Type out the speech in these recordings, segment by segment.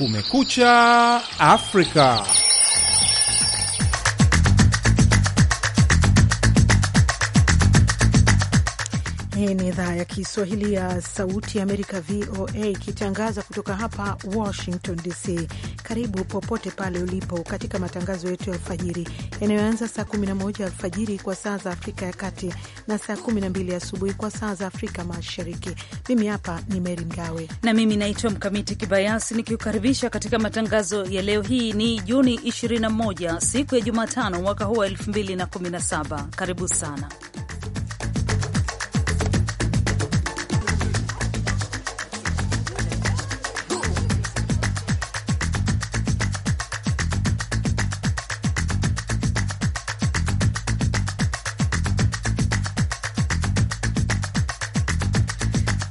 Kumekucha Afrika. Hii ni idhaa ya Kiswahili ya Sauti ya Amerika, VOA, ikitangaza kutoka hapa Washington DC. Karibu popote pale ulipo katika matangazo yetu ya alfajiri yanayoanza saa 11 alfajiri kwa saa za Afrika ya Kati na saa 12 asubuhi kwa saa za Afrika Mashariki. Mimi hapa ni Meri Mgawe na mimi naitwa Mkamiti Kibayasi, nikiukaribisha katika matangazo ya leo. Hii ni Juni 21 siku ya Jumatano mwaka huu wa 2017. Karibu sana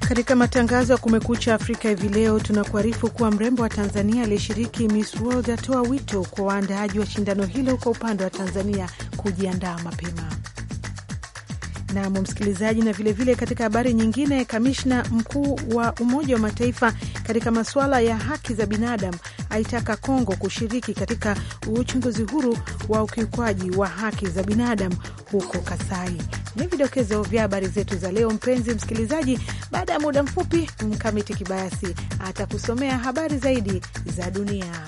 Katika matangazo ya Kumekucha Afrika hivi leo, tunakuarifu kuwa mrembo wa Tanzania aliyeshiriki Miss World atoa wito kwa waandaaji wa shindano hilo kwa upande wa Tanzania kujiandaa mapema. Nam msikilizaji, na vilevile vile katika habari nyingine, kamishna mkuu wa Umoja wa Mataifa katika masuala ya haki za binadamu aitaka Kongo kushiriki katika uchunguzi huru wa ukiukwaji wa haki za binadamu huko Kasai. Ni vidokezo vya habari zetu za leo, mpenzi msikilizaji. Baada ya muda mfupi, Mkamiti Kibayasi atakusomea habari zaidi za dunia.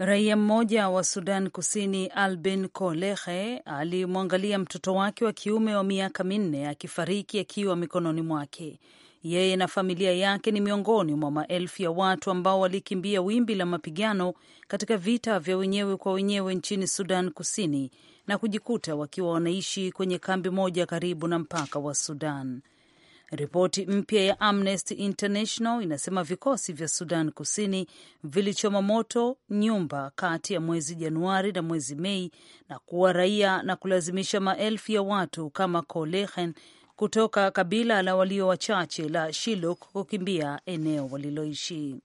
Raia mmoja wa Sudan Kusini, Albin Kolehe, alimwangalia mtoto wake wa kiume wa miaka minne akifariki akiwa mikononi mwake. Yeye na familia yake ni miongoni mwa maelfu ya watu ambao walikimbia wimbi la mapigano katika vita vya wenyewe kwa wenyewe nchini Sudan Kusini na kujikuta wakiwa wanaishi kwenye kambi moja karibu na mpaka wa Sudan. Ripoti mpya ya Amnesty International inasema vikosi vya Sudan Kusini vilichoma moto nyumba kati ya mwezi Januari na mwezi Mei na kuwa raia na kulazimisha maelfu ya watu kama Kolehen kutoka kabila la walio wachache la Shiluk kukimbia eneo waliloishi.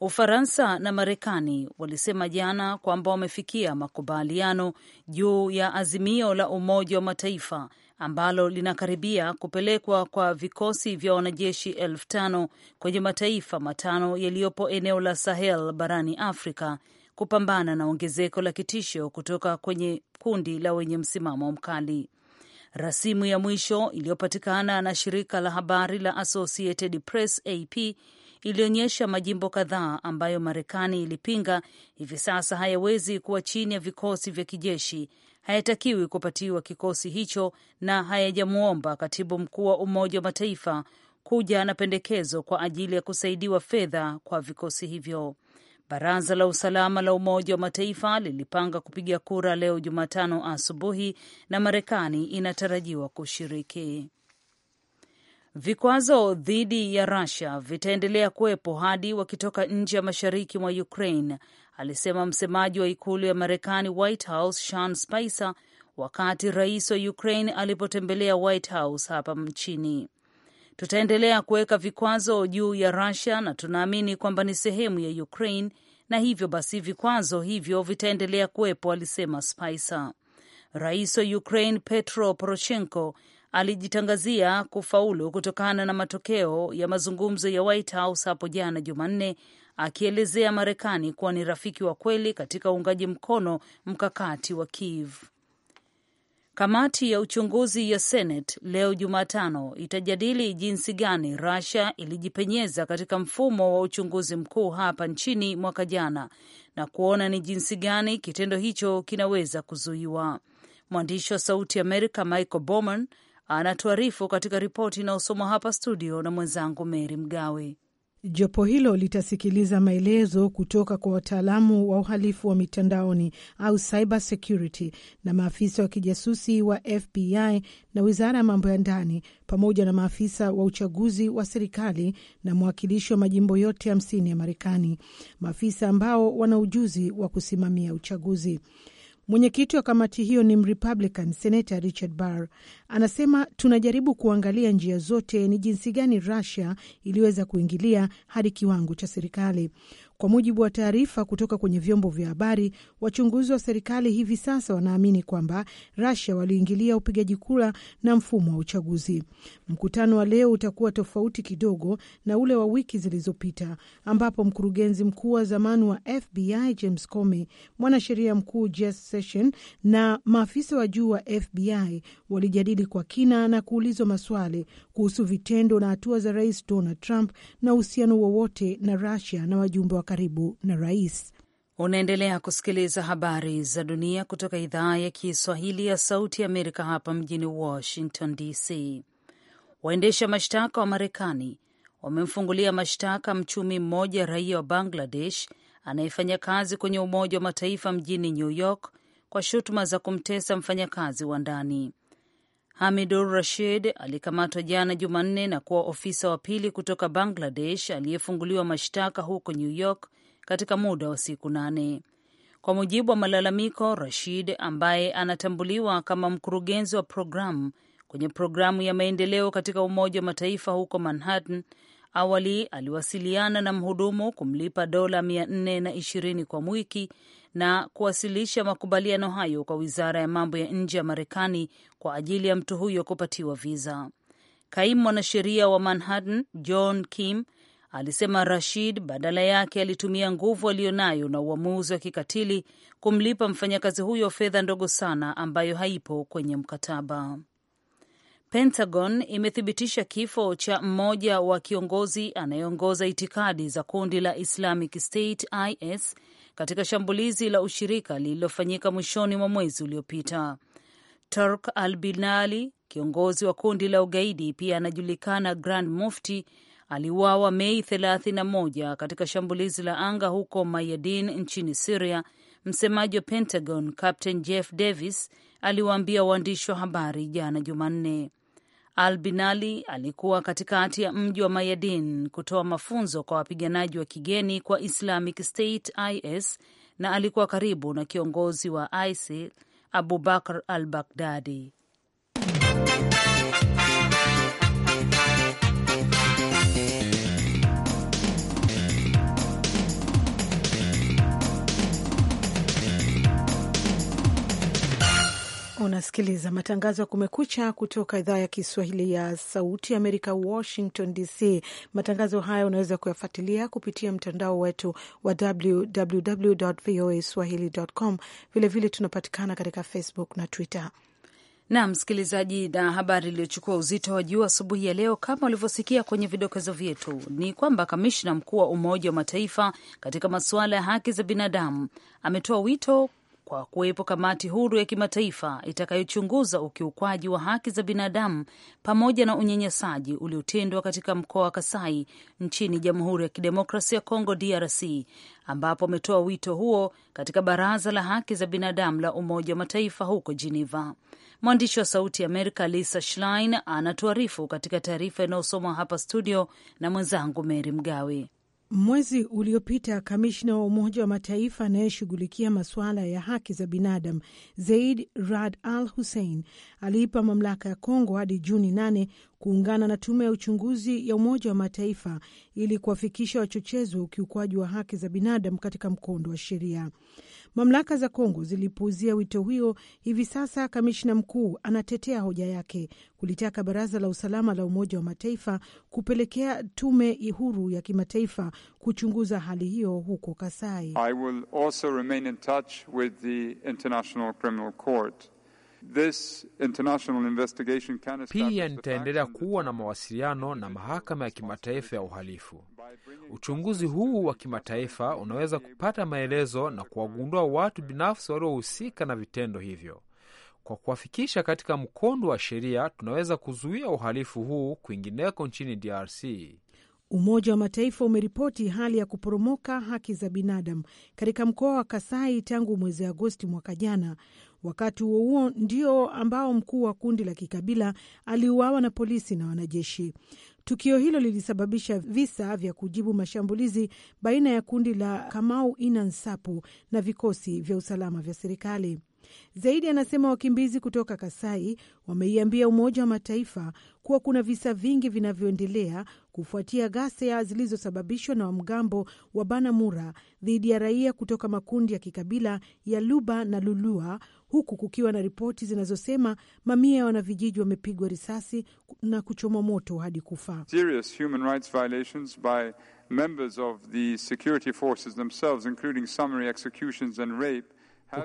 Ufaransa na Marekani walisema jana kwamba wamefikia makubaliano juu ya azimio la Umoja wa Mataifa ambalo linakaribia kupelekwa kwa vikosi vya wanajeshi elfu tano kwenye mataifa matano yaliyopo eneo la Sahel barani Afrika kupambana na ongezeko la kitisho kutoka kwenye kundi la wenye msimamo mkali. Rasimu ya mwisho iliyopatikana na shirika la habari la Associated Press AP ilionyesha majimbo kadhaa ambayo Marekani ilipinga hivi sasa hayawezi kuwa chini ya vikosi vya kijeshi hayatakiwi kupatiwa kikosi hicho na hayajamwomba katibu mkuu wa Umoja wa Mataifa kuja na pendekezo kwa ajili ya kusaidiwa fedha kwa vikosi hivyo. Baraza la usalama la Umoja wa Mataifa lilipanga kupiga kura leo Jumatano asubuhi na Marekani inatarajiwa kushiriki. Vikwazo dhidi ya rasia vitaendelea kuwepo hadi wakitoka nje ya mashariki mwa Ukraine alisema msemaji wa ikulu ya Marekani, White House, Sean Spicer wakati rais wa Ukraine alipotembelea White House hapa nchini. Tutaendelea kuweka vikwazo juu ya Russia na tunaamini kwamba ni sehemu ya Ukraine na hivyo basi vikwazo hivyo vitaendelea kuwepo, alisema Spicer. Rais wa Ukraine Petro Poroshenko alijitangazia kufaulu kutokana na matokeo ya mazungumzo ya White House hapo jana Jumanne, akielezea Marekani kuwa ni rafiki wa kweli katika uungaji mkono mkakati wa Kiev. Kamati ya uchunguzi ya Senate leo Jumatano itajadili jinsi gani Russia ilijipenyeza katika mfumo wa uchunguzi mkuu hapa nchini mwaka jana na kuona ni jinsi gani kitendo hicho kinaweza kuzuiwa. Mwandishi wa Sauti Amerika Michael Bowman anatuarifu katika ripoti inayosomwa hapa studio na mwenzangu Mary Mgawe. Jopo hilo litasikiliza maelezo kutoka kwa wataalamu wa uhalifu wa mitandaoni au cyber security na maafisa wa kijasusi wa FBI na wizara ya mambo ya ndani pamoja na maafisa wa uchaguzi wa serikali na mwakilishi wa majimbo yote hamsini ya Marekani, maafisa ambao wana ujuzi wa kusimamia uchaguzi. Mwenyekiti wa kamati hiyo ni Mrepublican Senata Richard Barr anasema, tunajaribu kuangalia njia zote ni jinsi gani Russia iliweza kuingilia hadi kiwango cha serikali. Kwa mujibu wa taarifa kutoka kwenye vyombo vya habari, wachunguzi wa serikali hivi sasa wanaamini kwamba rasia waliingilia upigaji kura na mfumo wa uchaguzi. Mkutano wa leo utakuwa tofauti kidogo na ule wa wiki zilizopita, ambapo mkurugenzi mkuu wa zamani wa FBI James Comey, mwanasheria mkuu Jeff Sessions na maafisa wa juu wa FBI walijadili kwa kina na kuulizwa maswali kuhusu vitendo na hatua za Rais Donald Trump na uhusiano wowote na Russia na wajumbe wa karibu na rais. Unaendelea kusikiliza habari za dunia kutoka idhaa ya Kiswahili ya Sauti ya Amerika hapa mjini Washington DC. Waendesha mashtaka wa Marekani wamemfungulia mashtaka mchumi mmoja raia wa Bangladesh anayefanya kazi kwenye Umoja wa Mataifa mjini New York kwa shutuma za kumtesa mfanyakazi wa ndani. Hamidur Rashid alikamatwa jana Jumanne na kuwa ofisa wa pili kutoka Bangladesh aliyefunguliwa mashtaka huko New York katika muda wa siku nane. Kwa mujibu wa malalamiko, Rashid ambaye anatambuliwa kama mkurugenzi wa programu kwenye programu ya maendeleo katika Umoja wa Mataifa huko Manhattan, awali aliwasiliana na mhudumu kumlipa dola 420 kwa mwiki na kuwasilisha makubaliano hayo kwa wizara ya mambo ya nje ya Marekani kwa ajili ya mtu huyo kupatiwa viza. Kaimu mwanasheria wa Manhattan John Kim alisema Rashid badala yake alitumia nguvu aliyonayo na uamuzi wa kikatili kumlipa mfanyakazi huyo fedha ndogo sana ambayo haipo kwenye mkataba. Pentagon imethibitisha kifo cha mmoja wa kiongozi anayeongoza itikadi za kundi la Islamic State IS katika shambulizi la ushirika lililofanyika mwishoni mwa mwezi uliopita. Turk Al Binali, kiongozi wa kundi la ugaidi pia anajulikana Grand Mufti, aliuawa Mei 31 katika shambulizi la anga huko Mayadin nchini Siria. Msemaji wa Pentagon Captain Jeff Davis aliwaambia waandishi wa habari jana Jumanne. Al Binali alikuwa katikati ya mji wa Mayadin kutoa mafunzo kwa wapiganaji wa kigeni kwa Islamic State IS na alikuwa karibu na kiongozi wa ISIL Abubakar al Baghdadi. unasikiliza matangazo ya Kumekucha kutoka idhaa ya Kiswahili ya Sauti ya Amerika, Washington DC. Matangazo haya unaweza kuyafuatilia kupitia mtandao wetu wa www voa swahili.com. Vilevile tunapatikana katika Facebook na Twitter. Na msikilizaji, na habari iliyochukua uzito wa juu asubuhi ya leo, kama ulivyosikia kwenye vidokezo vyetu, ni kwamba kamishna mkuu wa Umoja wa Mataifa katika masuala ya haki za binadamu ametoa wito kwa kuwepo kamati huru ya kimataifa itakayochunguza ukiukwaji wa haki za binadamu pamoja na unyanyasaji uliotendwa katika mkoa wa Kasai nchini Jamhuri ya Kidemokrasia ya Kongo DRC, ambapo ametoa wito huo katika Baraza la Haki za Binadamu la Umoja wa Mataifa huko Geneva. Mwandishi wa Sauti ya Amerika Lisa Schlein anatuarifu katika taarifa inayosomwa hapa studio na mwenzangu mery Mgawe. Mwezi uliopita kamishna wa Umoja wa Mataifa anayeshughulikia masuala ya haki za binadamu Zaid Rad Al Hussein aliipa mamlaka ya Kongo hadi Juni nane kuungana na tume ya uchunguzi ya Umoja wa Mataifa ili kuwafikisha wachochezi wa ukiukwaji wa haki za binadamu katika mkondo wa sheria. Mamlaka za Kongo zilipuuzia wito huo. Hivi sasa kamishna mkuu anatetea hoja yake kulitaka Baraza la Usalama la Umoja wa Mataifa kupelekea tume huru ya kimataifa kuchunguza hali hiyo huko Kasai. I will also remain in touch with the International Criminal Court. Pia nitaendelea kuwa na mawasiliano na mahakama ya kimataifa ya uhalifu. Uchunguzi huu wa kimataifa unaweza kupata maelezo na kuwagundua watu binafsi waliohusika na vitendo hivyo. Kwa kuwafikisha katika mkondo wa sheria, tunaweza kuzuia uhalifu huu kwingineko nchini DRC. Umoja wa Mataifa umeripoti hali ya kuporomoka haki za binadamu katika mkoa wa Kasai tangu mwezi Agosti mwaka jana Wakati huo huo ndio ambao mkuu wa kundi la kikabila aliuawa na polisi na wanajeshi. Tukio hilo lilisababisha visa vya kujibu mashambulizi baina ya kundi la Kamau Inansapu na vikosi vya usalama vya serikali. Zaidi anasema wakimbizi kutoka Kasai wameiambia Umoja wa Mataifa kuwa kuna visa vingi vinavyoendelea kufuatia ghasia zilizosababishwa na wamgambo wa banamura dhidi ya raia kutoka makundi ya kikabila ya Luba na Lulua huku kukiwa na ripoti zinazosema mamia ya wanavijiji wamepigwa risasi na kuchomwa moto hadi kufa.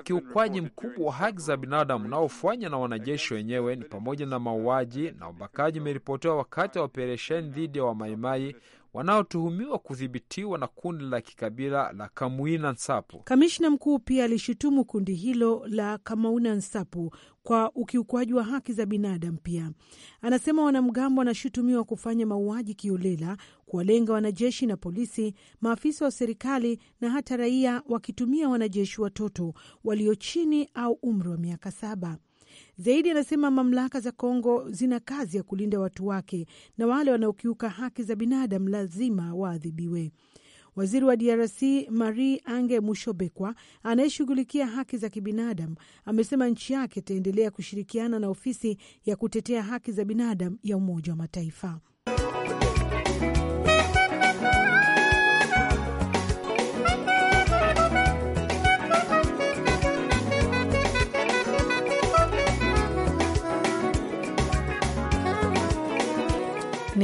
Ukiukwaji mkubwa wa haki za binadamu unaofanywa na wanajeshi wenyewe ni pamoja na mauaji na ubakaji umeripotiwa wakati wa operesheni dhidi ya Wamaimai wanaotuhumiwa kudhibitiwa na kundi la kikabila la Kamuina Nsapu. Kamishna mkuu pia alishutumu kundi hilo la Kamuina Nsapu kwa ukiukwaji wa haki za binadamu. Pia anasema wanamgambo wanashutumiwa kufanya mauaji kiolela, kuwalenga wanajeshi na polisi, maafisa wa serikali na hata raia, wakitumia wanajeshi watoto walio chini au umri wa miaka saba. Zaidi anasema mamlaka za Kongo zina kazi ya kulinda watu wake na wale wanaokiuka haki za binadamu lazima waadhibiwe. Waziri wa DRC Marie Ange Mushobekwa anayeshughulikia haki za kibinadamu amesema nchi yake itaendelea kushirikiana na ofisi ya kutetea haki za binadamu ya Umoja wa Mataifa.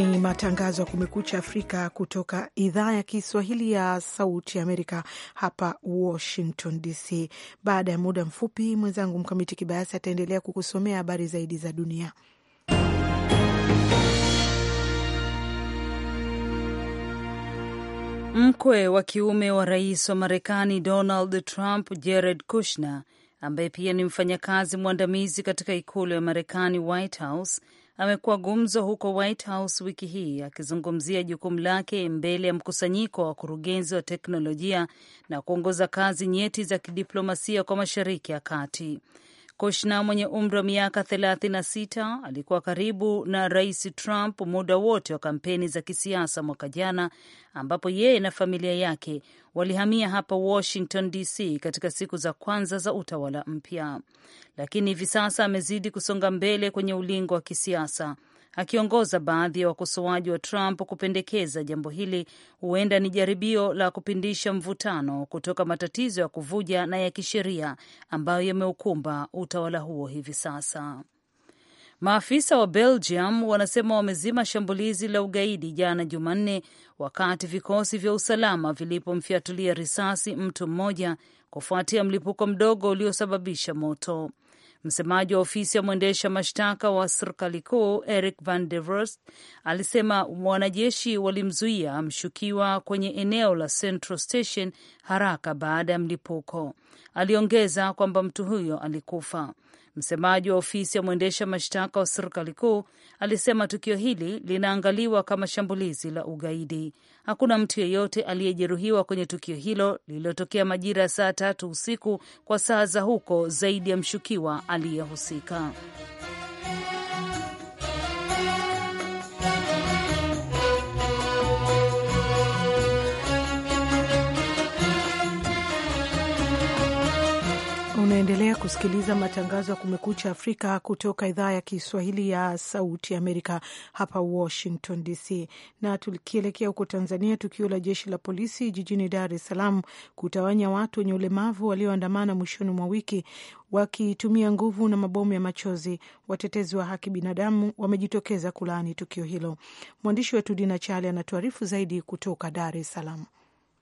ni matangazo ya Kumekucha Afrika kutoka idhaa ya Kiswahili ya Sauti Amerika hapa Washington DC. Baada ya muda mfupi, mwenzangu Mkamiti Kibayasi ataendelea kukusomea habari zaidi za dunia. Mkwe wa kiume wa rais wa Marekani Donald Trump, Jared Kushner, ambaye pia ni mfanyakazi mwandamizi katika ikulu ya Marekani, White House, amekuwa gumzo huko White House wiki hii akizungumzia jukumu lake mbele ya mkusanyiko wa wakurugenzi wa teknolojia na kuongoza kazi nyeti za kidiplomasia kwa Mashariki ya Kati. Kushner mwenye umri wa miaka 36 alikuwa karibu na Rais Trump muda wote wa kampeni za kisiasa mwaka jana, ambapo yeye na familia yake walihamia hapa Washington DC katika siku za kwanza za utawala mpya, lakini hivi sasa amezidi kusonga mbele kwenye ulingo wa kisiasa akiongoza baadhi ya wakosoaji wa Trump kupendekeza jambo hili huenda ni jaribio la kupindisha mvutano kutoka matatizo ya kuvuja na ya kisheria ambayo yameukumba utawala huo hivi sasa. Maafisa wa Belgium wanasema wamezima shambulizi la ugaidi jana Jumanne, wakati vikosi vya usalama vilipomfyatulia risasi mtu mmoja kufuatia mlipuko mdogo uliosababisha moto. Msemaji wa ofisi ya mwendesha mashtaka wa serikali kuu Eric Van Devrest alisema wanajeshi walimzuia mshukiwa kwenye eneo la Central Station haraka baada ya mlipuko. Aliongeza kwamba mtu huyo alikufa. Msemaji wa ofisi ya mwendesha mashtaka wa serikali kuu alisema tukio hili linaangaliwa kama shambulizi la ugaidi. Hakuna mtu yeyote aliyejeruhiwa kwenye tukio hilo lililotokea majira ya saa tatu usiku kwa saa za huko, zaidi ya mshukiwa aliyehusika. Unaendelea kusikiliza matangazo ya Kumekucha Afrika kutoka idhaa ya Kiswahili ya Sauti Amerika hapa Washington DC. Na tukielekea huko Tanzania, tukio la jeshi la polisi jijini Dar es Salaam kutawanya watu wenye ulemavu walioandamana mwishoni mwa wiki wakitumia nguvu na mabomu ya machozi. Watetezi wa haki binadamu wamejitokeza kulaani tukio hilo. Mwandishi wetu Dina Chale anatuarifu zaidi kutoka Dar es Salaam.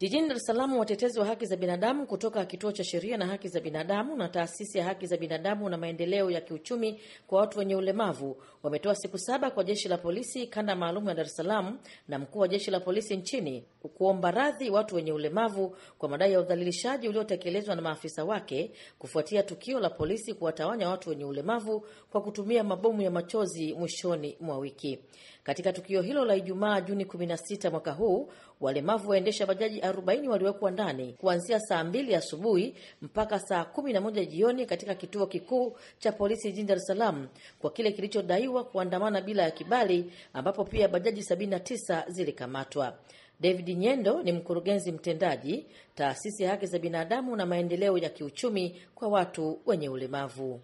Jijini Dar es Salaam, watetezi wa haki za binadamu kutoka Kituo cha Sheria na Haki za Binadamu na Taasisi ya Haki za Binadamu na Maendeleo ya Kiuchumi kwa Watu wenye Ulemavu wametoa siku saba kwa Jeshi la Polisi kanda maalum ya Dar es Salaam na mkuu wa Jeshi la Polisi nchini kuomba radhi watu wenye ulemavu kwa madai ya udhalilishaji uliotekelezwa na maafisa wake kufuatia tukio la polisi kuwatawanya watu wenye ulemavu kwa kutumia mabomu ya machozi mwishoni mwa wiki. Katika tukio hilo la Ijumaa Juni 16 mwaka huu, walemavu waendesha bajaji 40 waliwekwa ndani kuanzia saa 2 asubuhi mpaka saa 11 jioni katika kituo kikuu cha polisi jijini Dar es Salaam kwa kile kilichodaiwa kuandamana bila ya kibali, ambapo pia bajaji 79 zilikamatwa. David Nyendo ni mkurugenzi mtendaji taasisi ya haki za binadamu na maendeleo ya kiuchumi kwa watu wenye ulemavu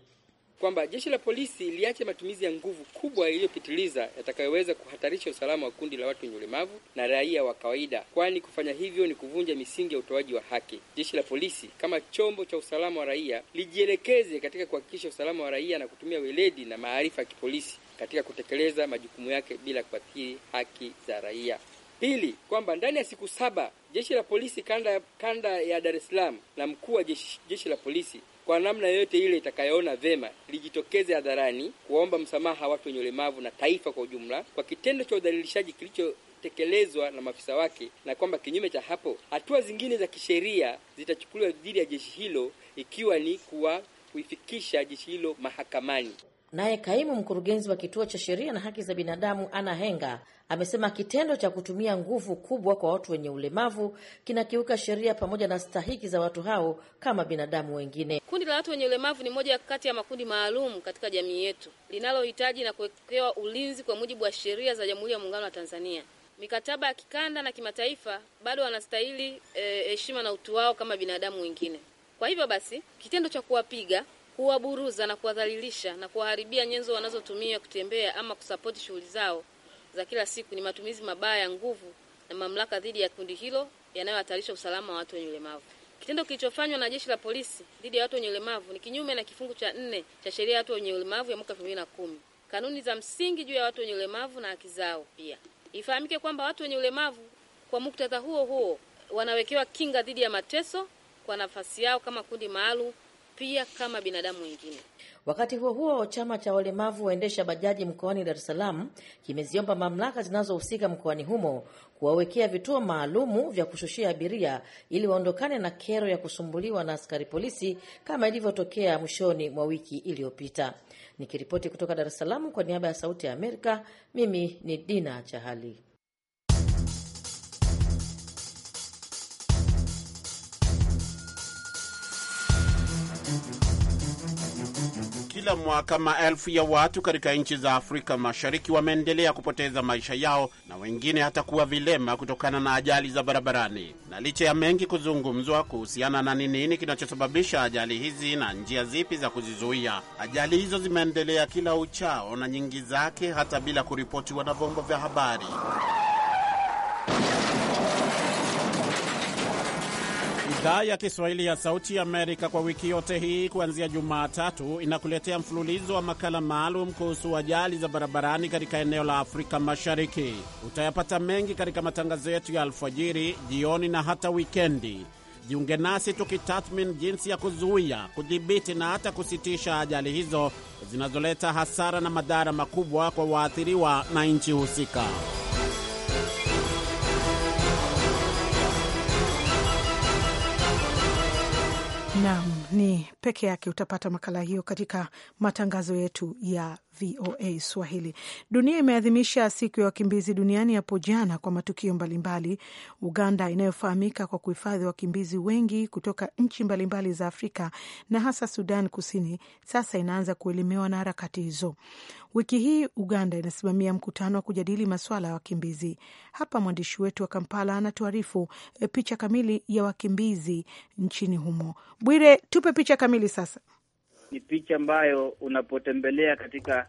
kwamba jeshi la polisi liache matumizi ya nguvu kubwa iliyopitiliza yatakayoweza kuhatarisha usalama wa kundi la watu wenye ulemavu na raia wa kawaida, kwani kufanya hivyo ni kuvunja misingi ya utoaji wa haki. Jeshi la polisi kama chombo cha usalama wa raia lijielekeze katika kuhakikisha usalama wa raia na kutumia weledi na maarifa ya kipolisi katika kutekeleza majukumu yake bila kuathiri haki za raia. Pili, kwamba ndani ya siku saba jeshi la polisi kanda, kanda ya Dar es Salaam na mkuu wa jeshi, jeshi la polisi kwa namna yoyote ile itakayoona vema lijitokeze hadharani kuwaomba msamaha watu wenye ulemavu na taifa kwa ujumla kwa kitendo cha udhalilishaji kilicho tekelezwa na maafisa wake, na kwamba kinyume cha hapo hatua zingine za kisheria zitachukuliwa dhidi ya jeshi hilo, ikiwa ni kuwa kuifikisha jeshi hilo mahakamani. Naye kaimu mkurugenzi wa kituo cha sheria na haki za binadamu Ana Henga amesema kitendo cha kutumia nguvu kubwa kwa watu wenye ulemavu kinakiuka sheria pamoja na stahiki za watu hao kama binadamu wengine. Kundi la watu wenye ulemavu ni moja kati ya makundi maalum katika jamii yetu linalohitaji na kuwekewa ulinzi kwa mujibu wa sheria za Jamhuri ya Muungano wa Tanzania, mikataba ya kikanda na kimataifa. Bado wanastahili eh, heshima e, na utu wao kama binadamu wengine. Kwa hivyo basi kitendo cha kuwapiga kuwaburuza na kuwadhalilisha na kuwaharibia nyenzo wanazotumia kutembea ama kusapoti shughuli zao za kila siku ni matumizi mabaya ya nguvu na mamlaka dhidi ya kundi hilo yanayohatarisha usalama wa watu wenye ulemavu. Kitendo kilichofanywa na jeshi la polisi dhidi ya watu wenye ulemavu ni kinyume na kifungu cha nne cha sheria ya watu wenye ulemavu ya mwaka elfu mbili na kumi kanuni za msingi juu ya watu wenye ulemavu na haki zao. Pia ifahamike kwamba watu wenye ulemavu kwa muktadha huo huo wanawekewa kinga dhidi ya mateso kwa nafasi yao kama kundi maalum pia kama binadamu wengine. Wakati huo huo, chama cha walemavu waendesha bajaji mkoani Dar es Salaam kimeziomba mamlaka zinazohusika mkoani humo kuwawekea vituo maalumu vya kushushia abiria ili waondokane na kero ya kusumbuliwa na askari polisi kama ilivyotokea mwishoni mwa wiki iliyopita. Nikiripoti kutoka Dar es Salaam kwa niaba ya Sauti ya Amerika, mimi ni Dina Chahali. Kila mwaka maelfu ya watu katika nchi za Afrika Mashariki wameendelea kupoteza maisha yao na wengine hata kuwa vilema kutokana na ajali za barabarani. Na licha ya mengi kuzungumzwa kuhusiana na ni nini kinachosababisha ajali hizi na njia zipi za kuzizuia, ajali hizo zimeendelea kila uchao na nyingi zake hata bila kuripotiwa na vyombo vya habari. Idhaa ya Kiswahili ya Sauti ya Amerika kwa wiki yote hii kuanzia Jumatatu inakuletea mfululizo wa makala maalum kuhusu ajali za barabarani katika eneo la Afrika Mashariki. Utayapata mengi katika matangazo yetu ya alfajiri, jioni na hata wikendi. Jiunge nasi tukitathmini jinsi ya kuzuia, kudhibiti na hata kusitisha ajali hizo zinazoleta hasara na madhara makubwa kwa waathiriwa na nchi husika. Naam, ni peke yake utapata makala hiyo katika matangazo yetu ya VOA Swahili. Dunia imeadhimisha siku ya wakimbizi duniani hapo jana kwa matukio mbalimbali. Uganda inayofahamika kwa kuhifadhi wakimbizi wengi kutoka nchi mbalimbali za Afrika na hasa Sudan Kusini, sasa inaanza kuelemewa na harakati hizo. Wiki hii Uganda inasimamia mkutano wa kujadili masuala ya wakimbizi. Hapa mwandishi wetu wa Kampala anatuarifu eh, picha kamili ya wakimbizi nchini humo. Bwire, tupe picha kamili sasa. Ni picha ambayo unapotembelea katika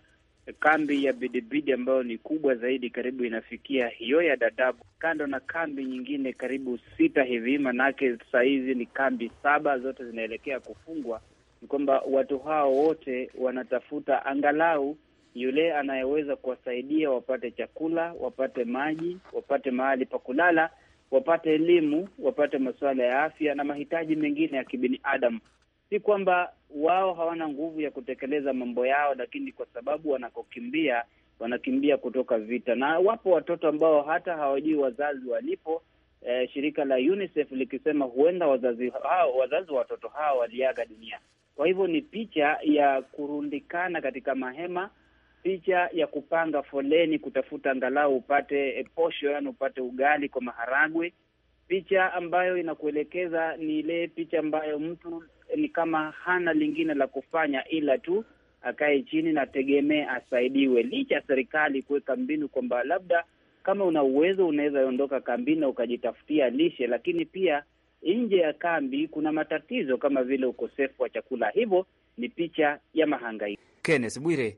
kambi ya Bidibidi ambayo ni kubwa zaidi, karibu inafikia hiyo ya Dadabu, kando na kambi nyingine karibu sita hivi, manake sahizi ni kambi saba, zote zinaelekea kufungwa. Ni kwamba watu hao wote wanatafuta angalau yule anayeweza kuwasaidia wapate chakula, wapate maji, wapate mahali pa kulala, wapate elimu, wapate masuala ya afya na mahitaji mengine ya kibinadamu. Si kwamba wao hawana nguvu ya kutekeleza mambo yao, lakini kwa sababu wanakokimbia, wanakimbia kutoka vita, na wapo watoto ambao hata hawajui wazazi walipo. Eh, shirika la UNICEF likisema huenda wazazi hao, wazazi wa watoto hao waliaga dunia. Kwa hivyo ni picha ya kurundikana katika mahema picha ya kupanga foleni kutafuta angalau upate eh, posho, yani upate ugali kwa maharagwe. Picha ambayo inakuelekeza ni ile picha ambayo mtu eh, ni kama hana lingine la kufanya ila tu akae chini na tegemee asaidiwe, licha ya serikali kuweka mbinu kwamba labda kama una uwezo unaweza ondoka kambini na ukajitafutia lishe, lakini pia nje ya kambi kuna matatizo kama vile ukosefu wa chakula. Hivyo ni picha ya mahangaiko. Kenneth Bwire,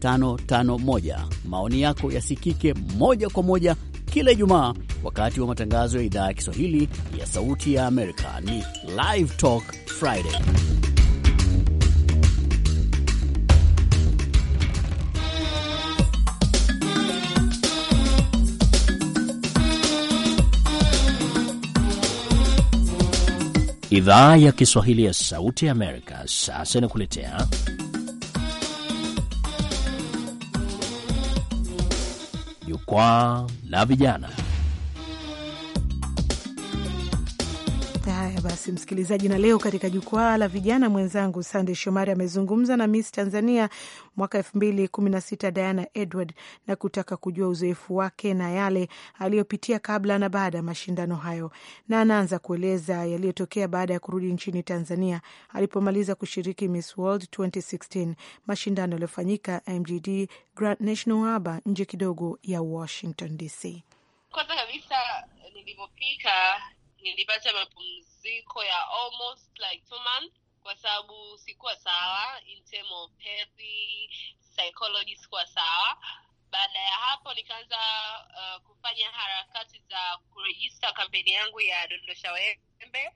551. Maoni yako yasikike moja kwa moja kila Ijumaa wakati wa matangazo ya idhaa ya Kiswahili ya Sauti ya Amerika. Ni Live Talk Friday. Idhaa ya Kiswahili ya Sauti ya Amerika sasa inakuletea jukwaa la vijana. basi msikilizaji, na leo katika jukwaa la vijana mwenzangu Sande Shomari amezungumza na Miss Tanzania mwaka elfu mbili kumi na sita Diana Edward na kutaka kujua uzoefu wake na yale aliyopitia kabla na baada ya mashindano hayo, na anaanza kueleza yaliyotokea baada ya kurudi nchini Tanzania alipomaliza kushiriki Miss World 2016 mashindano yaliyofanyika MGD Grand National Harbor nje kidogo ya Washington DC. Kwanza kabisa nilivyofika nilipata mapumziko ya almost like two months kwa sababu sikuwa sawa in term of healthy psychology sikuwa sawa baada ya hapo nikaanza uh, kufanya harakati za kurejista kampeni yangu ya dondosha wembe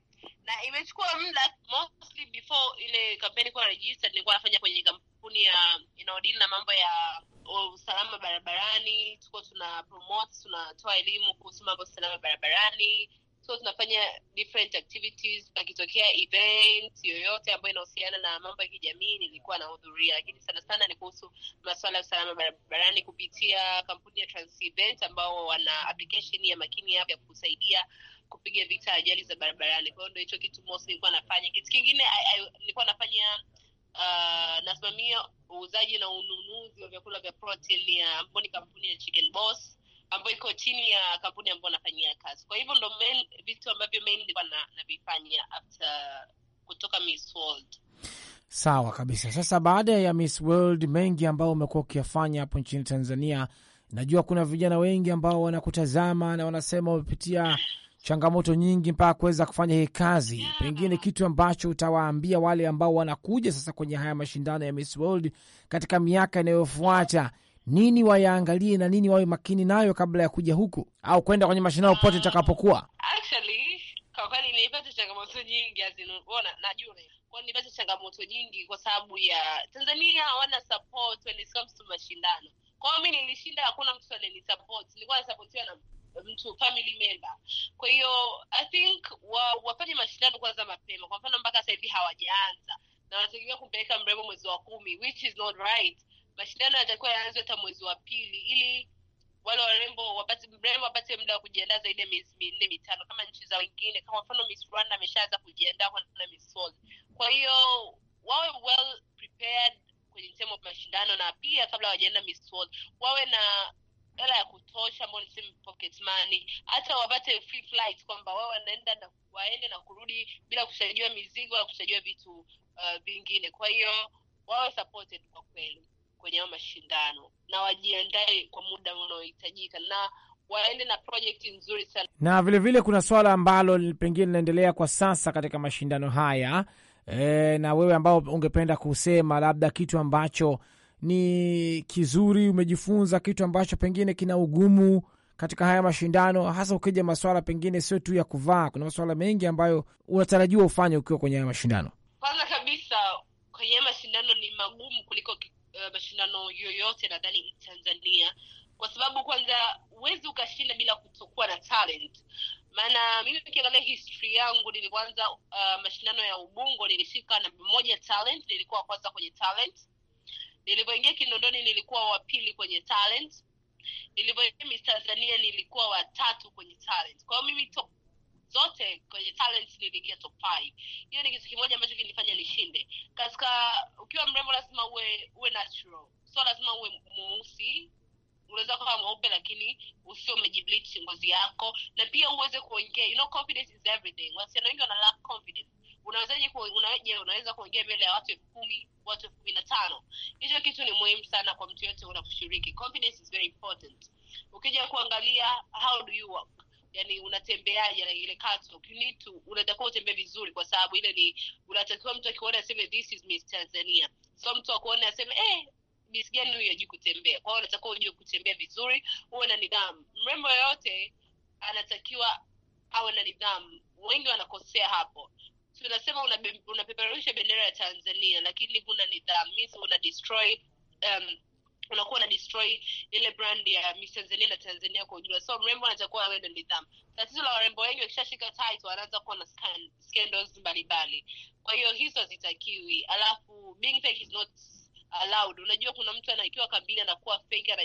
na imechukua muda mostly before ile kampeni kuwa rejista nilikuwa nafanya kwenye kampuni ya inaodili na mambo ya uh, usalama barabarani tuko tuna promote tunatoa elimu kuhusu mambo salama barabarani so tunafanya different activities. pakitokea event yoyote ambayo inahusiana na mambo ya kijamii, nilikuwa nahudhuria, lakini sana sana ni kuhusu masuala ya usalama barabarani kupitia kampuni ya Transevent ambao wana application ya Makini ya kusaidia kupiga vita ajali za barabarani. Kwa ndo hicho kitu mos nilikuwa nafanya. Kitu kingine nilikuwa nafanya uh, nasimamia uuzaji na ununuzi wa vyakula vya protein ya ambao ni kampuni ya Chicken Boss ambayo iko chini ya kampuni ambayo anafanyia kazi. Kwa hivyo ndo vitu ambavyo nilikuwa navifanya after kutoka Miss World. Sawa kabisa. Sasa baada ya Miss World, mengi ambayo umekuwa ukiyafanya hapo nchini Tanzania, najua kuna vijana wengi ambao wanakutazama na wanasema wamepitia changamoto nyingi mpaka kuweza kufanya hii kazi. Pengine kitu ambacho utawaambia wale ambao wanakuja sasa kwenye haya mashindano ya Miss World katika miaka inayofuata nini wayaangalie na nini wawe makini nayo kabla ya kuja huku au kwenda kwenye mashinao pote itakapokuwa? Actually, kwa kweli nilipata changamoto nyingi najua kwa nilipata changamoto nyingi kwa sababu ya Tanzania hawana support when it comes to mashindano. Kwa hiyo mi nilishinda, hakuna mtu alinisupport, nilikuwa nasapotiwa na mtu family member. Kwa hiyo I think wa, wafanye mashindano kwanza mapema. Kwa mfano mpaka sasa hivi hawajaanza na wanategemea kumpeleka mrembo mwezi wa kumi, which is not right mashindano yatakuwa yaanze hata mwezi wa pili ili wale warembo wapate mrembo wapate muda wa kujiandaa zaidi ya miezi minne mitano kama nchi za wengine kama mfano miss rwanda ameshaanza kujiandaa kwenda miss kwa hiyo wawe well prepared kwenye wa mashindano na pia kabla wajaenda miss world wawe na hela ya kutosha ambao niseme pocket money hata wapate free flight kwamba wawe wanaenda na waende na kurudi bila kusajiwa mizigo na kusajiwa vitu uh, vingine kwa hiyo wawe supported kwa kweli kwenye hayo mashindano na wajiandae kwa muda unaohitajika na waende na project nzuri sana. Na vilevile vile kuna swala ambalo pengine linaendelea kwa sasa katika mashindano haya e, na wewe ambao ungependa kusema labda kitu ambacho ni kizuri umejifunza, kitu ambacho pengine kina ugumu katika haya mashindano, hasa ukija maswala pengine sio tu ya kuvaa, kuna maswala mengi ambayo unatarajiwa ufanye ukiwa kwenye haya mashindano. Kwanza kabisa kwenye mashindano ni magumu kuliko uh, mashindano yoyote nadhani Tanzania, kwa sababu kwanza huwezi ukashinda bila kutokuwa na talent. Maana mimi ukiangalia history yangu nilipoanza uh, mashindano ya Ubungo nilishika namba moja talent, nilikuwa kwanza kwenye talent. nilivyoingia Kinondoni nilikuwa wa pili kwenye talent. Nilivyoingia Miss Tanzania nilikuwa watatu kwenye talent. Kwa hiyo mimi top zote kwenye talents niliingia top five. Hiyo ni kitu kimoja ambacho kilifanya nishinde. Katika ukiwa mrembo lazima uwe uwe natural, so lazima uwe mweusi unaweza kuwa mweupe lakini usio umejiblitch ngozi yako, na pia uweze kuongea. You know, confidence is everything. Wasichana wengi wana lack confidence. Unawezaje? Unaje? Unaweza kuongea mbele ya watu elfu kumi watu elfu kumi na tano Hicho kitu ni muhimu sana kwa mtu yote unaposhiriki. Confidence is very important. Ukija kuangalia how do you yani unatembeaje na ile catwalk you need to unatakiwa utembee vizuri kwa sababu ile ni unatakiwa mtu akiona aseme this is miss tanzania so mtu akuona aseme eh miss gani huyu ajui kutembea kwa hiyo unatakiwa ujue kutembea vizuri huwe na nidhamu mrembo yoyote anatakiwa awe na nidhamu wengi wanakosea hapo tunasema unapeperusha bendera ya tanzania lakini huna nidhamu means una destroy um, unakuwa na destroy ile brand ya Miss Tanzania na Tanzania kwa ujumla. So mrembo anatakuwa awe na nidhamu. Tatizo la warembo wengi wakishashika title wanaanza kuwa na scandals mbalimbali, kwa hiyo hizo hazitakiwi. Alafu being fake is not allowed. Unajua, kuna mtu anakiwa kambini anakuwa fake,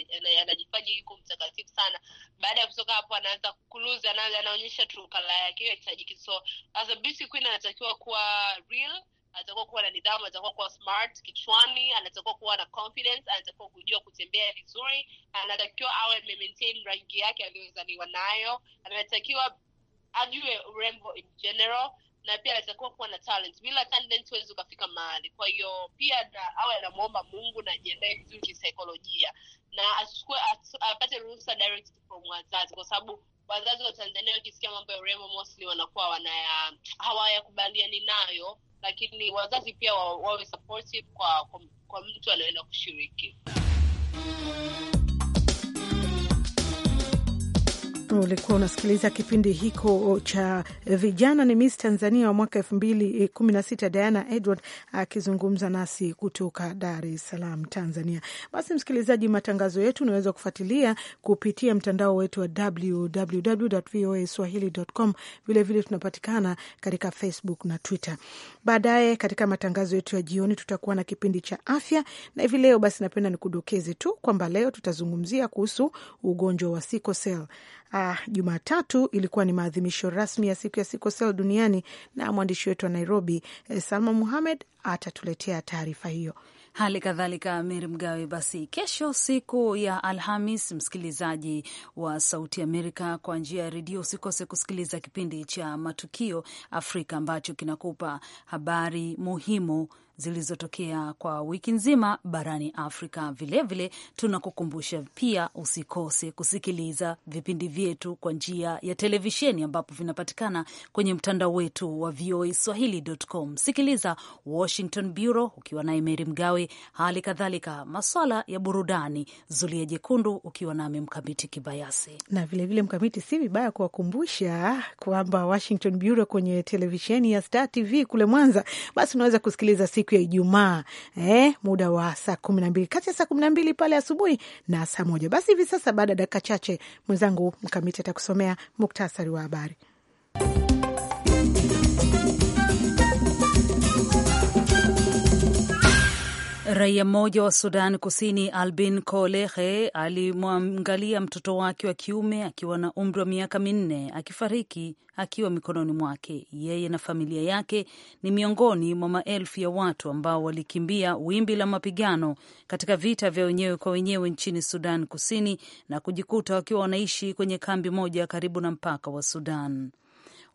anajifanya yuko mtakatifu sana, baada ya kutoka hapo anaanza kuluza, anaonyesha true color yake hiyo itajiki. So as a beauty queen anatakiwa kuwa real anatakiwa kuwa na nidhamu, anatakiwa kuwa smart kichwani, anatakiwa kuwa na confidence, anatakiwa kujua kutembea vizuri, anatakiwa awe maintain rangi yake aliyozaliwa nayo, anatakiwa ajue urembo in general na pia anatakiwa kuwa na talent. Bila talent huwezi ukafika mahali. Kwa hiyo pia na, awe anamwomba Mungu na ajiandae vizuri kisaikolojia na achukue apate ruhusa direct from wazazi, kwa sababu wazazi wa Tanzania wakisikia mambo ya urembo mostly wanakuwa wanaya hawayakubaliani nayo lakini wazazi pia wawe supportive kwa, kwa, kwa mtu anaenda kushiriki Ulikuwa unasikiliza kipindi hiko cha vijana ni Miss Tanzania wa mwaka elfu mbili eh, kumi na sita Diana Edward akizungumza nasi kutoka Dar es Salaam, Tanzania. Basi msikilizaji, matangazo yetu unaweza kufuatilia kupitia mtandao wetu wa www voa swahili.com. Vilevile tunapatikana katika Facebook na Twitter. Baadaye katika matangazo yetu ya jioni tutakuwa na kipindi cha afya, na hivi leo basi napenda nikudokeze tu kwamba leo tutazungumzia kuhusu ugonjwa wa sickle cell ah, Jumatatu ilikuwa ni maadhimisho rasmi ya siku ya sikoseli duniani, na mwandishi wetu wa Nairobi eh, Salma Muhamed atatuletea taarifa hiyo. Hali kadhalika Meri Mgawe. Basi kesho, siku ya Alhamis, msikilizaji wa Sauti Amerika kwa njia ya redio, usikose kusikiliza kipindi cha Matukio Afrika ambacho kinakupa habari muhimu zilizotokea kwa wiki nzima barani Afrika. Vilevile tunakukumbusha pia usikose kusikiliza vipindi vyetu kwa njia ya televisheni ambapo vinapatikana kwenye mtandao wetu wa VOA Swahili.com. Sikiliza Washington Bureau ukiwa naye Meri Mgawe, hali kadhalika maswala ya burudani, Zulia Jekundu ukiwa nami Mkamiti Kibayasi na vilevile Mkamiti, si vibaya kuwakumbusha kwamba Washington Bureau kwenye televisheni ya Star TV kule Mwanza, basi unaweza kusikiliza siku siku ya Ijumaa eh, muda wa saa kumi na mbili kati ya saa kumi na mbili pale asubuhi na saa moja. Basi hivi sasa, baada ya dakika chache, mwenzangu Mkamiti atakusomea muktasari wa habari. Raia mmoja wa Sudan Kusini, Albin Kolehe, alimwangalia mtoto wake wa kiume akiwa na umri wa miaka minne akifariki akiwa mikononi mwake. Yeye na familia yake ni miongoni mwa maelfu ya watu ambao walikimbia wimbi la mapigano katika vita vya wenyewe kwa wenyewe nchini Sudan Kusini na kujikuta wakiwa wanaishi kwenye kambi moja karibu na mpaka wa Sudan.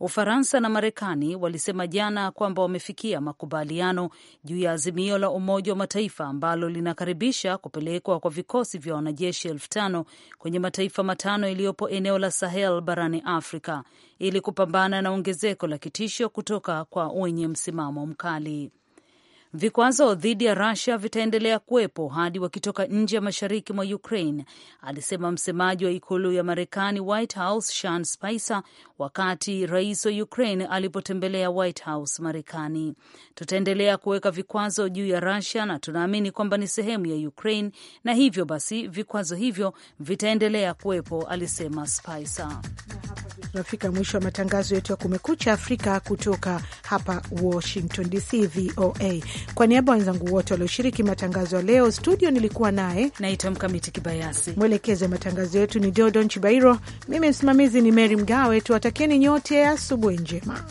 Ufaransa na Marekani walisema jana kwamba wamefikia makubaliano juu ya azimio la Umoja wa Mataifa ambalo linakaribisha kupelekwa kwa vikosi vya wanajeshi elfu tano kwenye mataifa matano yaliyopo eneo la Sahel barani Afrika ili kupambana na ongezeko la kitisho kutoka kwa wenye msimamo mkali. Vikwazo dhidi ya rusia vitaendelea kuwepo hadi wakitoka nje ya mashariki mwa Ukraine, alisema msemaji wa ikulu ya Marekani, White House, Sean Spicer, wakati rais wa Ukraine alipotembelea White House Marekani. Tutaendelea kuweka vikwazo juu ya rasia na tunaamini kwamba ni sehemu ya Ukraine na hivyo basi vikwazo hivyo vitaendelea kuwepo, alisema Spicer tunafika mwisho wa matangazo yetu ya Kumekucha Afrika kutoka hapa Washington DC, VOA. Kwa niaba ya wenzangu wote walioshiriki matangazo ya leo, studio nilikuwa naye naitwa Mkamiti Kibayasi, mwelekezi wa matangazo yetu ni Dodon Chibairo, mimi msimamizi ni mery Mgawe. Tuwatakieni nyote asubuhi njema.